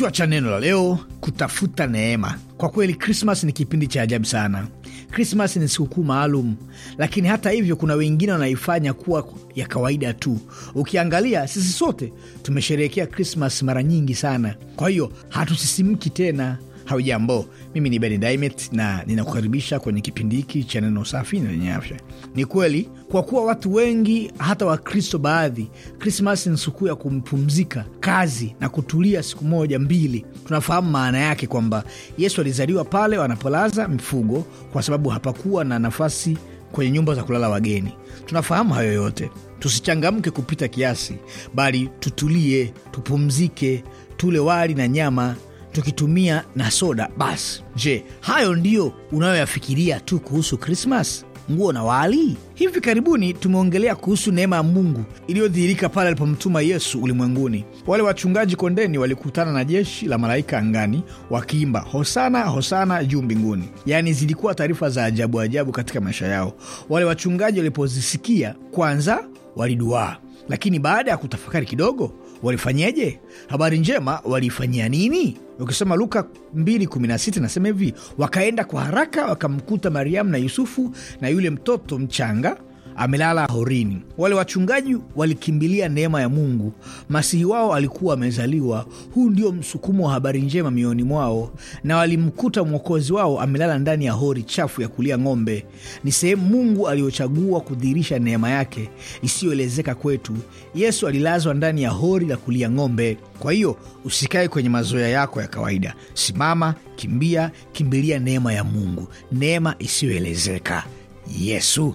Kichwa cha neno la leo: kutafuta neema. Kwa kweli, Krismas ni kipindi cha ajabu sana. Krismas ni sikukuu maalum, lakini hata hivyo, kuna wengine wanaifanya kuwa ya kawaida tu. Ukiangalia, sisi sote tumesherehekea Krismas mara nyingi sana, kwa hiyo hatusisimki tena. Haujambo, mimi ni Ben Diamond na ninakukaribisha kwenye kipindi hiki cha neno safi na lenye afya. Ni kweli kwa kuwa watu wengi, hata Wakristo baadhi, Krismas ni sikukuu ya kumpumzika kazi na kutulia siku moja mbili. Tunafahamu maana yake kwamba Yesu alizaliwa pale wanapolaza mifugo, kwa sababu hapakuwa na nafasi kwenye nyumba za kulala wageni. Tunafahamu hayo yote. Tusichangamke kupita kiasi, bali tutulie, tupumzike, tule wali na nyama tukitumia na soda basi. Je, hayo ndiyo unayoyafikiria tu kuhusu Krismas? Nguo na wali? Hivi karibuni tumeongelea kuhusu neema ya Mungu iliyodhihirika pale alipomtuma Yesu ulimwenguni. Wale wachungaji kondeni walikutana na jeshi la malaika angani wakiimba hosana hosana juu mbinguni. Yaani zilikuwa taarifa za ajabu ajabu katika maisha yao. Wale wachungaji walipozisikia kwanza waliduaa, lakini baada ya kutafakari kidogo walifanyeje Habari njema waliifanyia nini? Ukisoma Luka 2:16 nasema hivi, wakaenda kwa haraka wakamkuta Mariamu na Yusufu na yule mtoto mchanga amelala horini. Wale wachungaji walikimbilia neema ya Mungu, masihi wao alikuwa amezaliwa. Huu ndio msukumo wa habari njema mioyoni mwao, na walimkuta mwokozi wao amelala ndani ya hori chafu ya kulia ng'ombe. Ni sehemu Mungu aliyochagua kudhihirisha neema yake isiyoelezeka kwetu. Yesu alilazwa ndani ya hori la kulia ng'ombe. Kwa hiyo usikae kwenye mazoea yako ya kawaida, simama, kimbia, kimbilia neema ya Mungu, neema isiyoelezeka Yesu